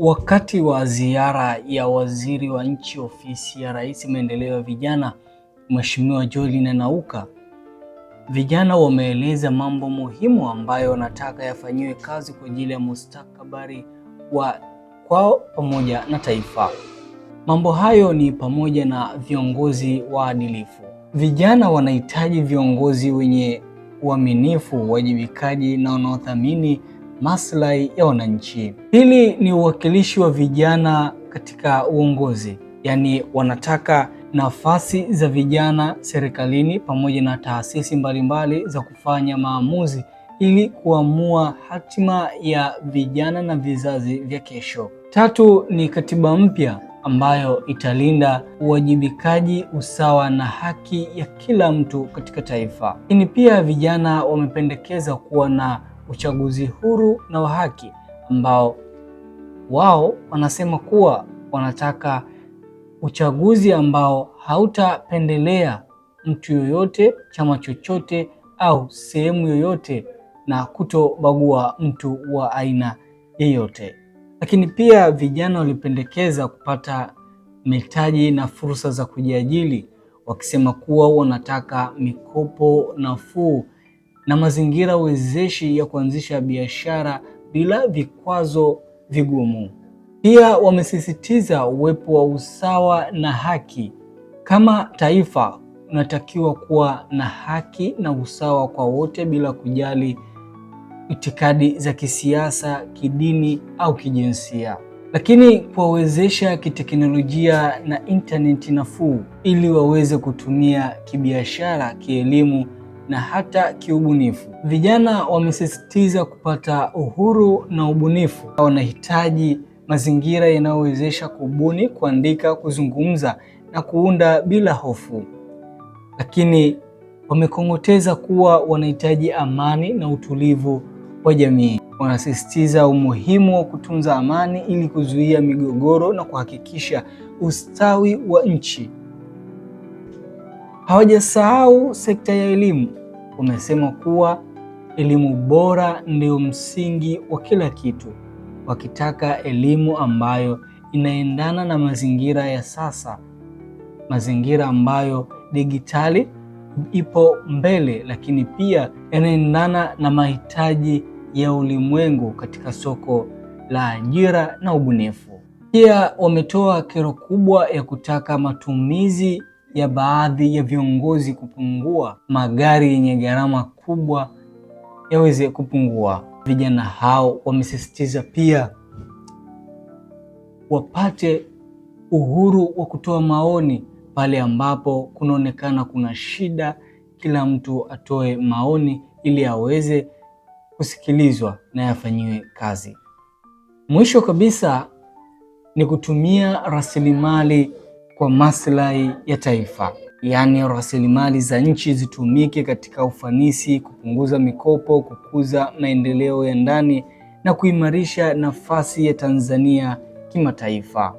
Wakati wa ziara ya waziri wa nchi ofisi ya Rais maendeleo ya vijana, Mheshimiwa Joeline Nauka, vijana wameeleza mambo muhimu ambayo wanataka yafanyiwe kazi kwa ajili ya mustakabali wa kwao pamoja na taifa. Mambo hayo ni pamoja na viongozi waadilifu. Vijana wanahitaji viongozi wenye uaminifu, uwajibikaji na wanaothamini maslahi ya wananchi. Hili ni uwakilishi wa vijana katika uongozi, yaani wanataka nafasi za vijana serikalini pamoja na taasisi mbalimbali za kufanya maamuzi ili kuamua hatima ya vijana na vizazi vya kesho. Tatu ni katiba mpya ambayo italinda uwajibikaji, usawa na haki ya kila mtu katika taifa. Lakini pia vijana wamependekeza kuwa na uchaguzi huru na wa haki ambao wao wanasema kuwa wanataka uchaguzi ambao hautapendelea mtu yoyote, chama chochote au sehemu yoyote na kutobagua mtu wa aina yeyote Lakini pia vijana walipendekeza kupata mitaji na fursa za kujiajiri, wakisema kuwa wanataka mikopo nafuu na mazingira wezeshi ya kuanzisha biashara bila vikwazo vigumu. Pia wamesisitiza uwepo wa usawa na haki. Kama taifa, unatakiwa kuwa na haki na usawa kwa wote bila kujali itikadi za kisiasa, kidini au kijinsia, lakini kuwawezesha kiteknolojia na intaneti nafuu ili waweze kutumia kibiashara, kielimu na hata kiubunifu. Vijana wamesisitiza kupata uhuru na ubunifu. Wanahitaji mazingira yanayowezesha kubuni, kuandika, kuzungumza na kuunda bila hofu, lakini wamekong'oteza kuwa wanahitaji amani na utulivu wa jamii. Wanasisitiza umuhimu wa kutunza amani ili kuzuia migogoro na kuhakikisha ustawi wa nchi. Hawajasahau sekta ya elimu umesema kuwa elimu bora ndio msingi wa kila kitu, wakitaka elimu ambayo inaendana na mazingira ya sasa, mazingira ambayo digitali ipo mbele, lakini pia yanaendana na mahitaji ya ulimwengu katika soko la ajira na ubunifu. Pia wametoa kero kubwa ya kutaka matumizi ya baadhi ya viongozi kupungua, magari yenye gharama kubwa yaweze kupungua. Vijana hao wamesisitiza pia wapate uhuru wa kutoa maoni pale ambapo kunaonekana kuna shida, kila mtu atoe maoni ili aweze kusikilizwa na yafanyiwe kazi. Mwisho kabisa ni kutumia rasilimali kwa maslahi ya taifa, yaani rasilimali za nchi zitumike katika ufanisi, kupunguza mikopo, kukuza maendeleo ya ndani na kuimarisha nafasi ya Tanzania kimataifa.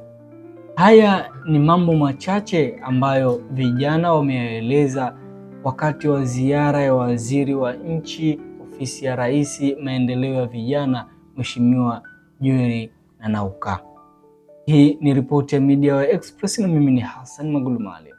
Haya ni mambo machache ambayo vijana wameyaeleza wakati wa ziara ya waziri wa nchi ofisi ya Rais maendeleo ya vijana, Mheshimiwa Jueri Nanauka. Hii ni ripoti ya Media Express na mimi ni Hassan Magulumali.